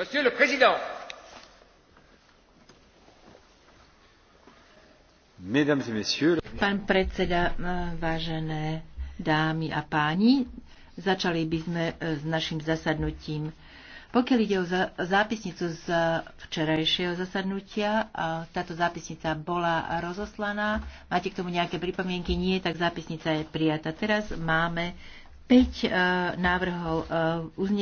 Monsieur le Président, Pán predseda, vážené dámy a páni, začali by sme e, s našim zasadnutím. Pokiaľ ide o zápisnicu z včerajšieho zasadnutia, táto zápisnica bola rozoslaná. Máte k tomu nejaké pripomienky? Nie, tak zápisnica je prijata. Teraz máme 5 e, návrhov e, uznesenia.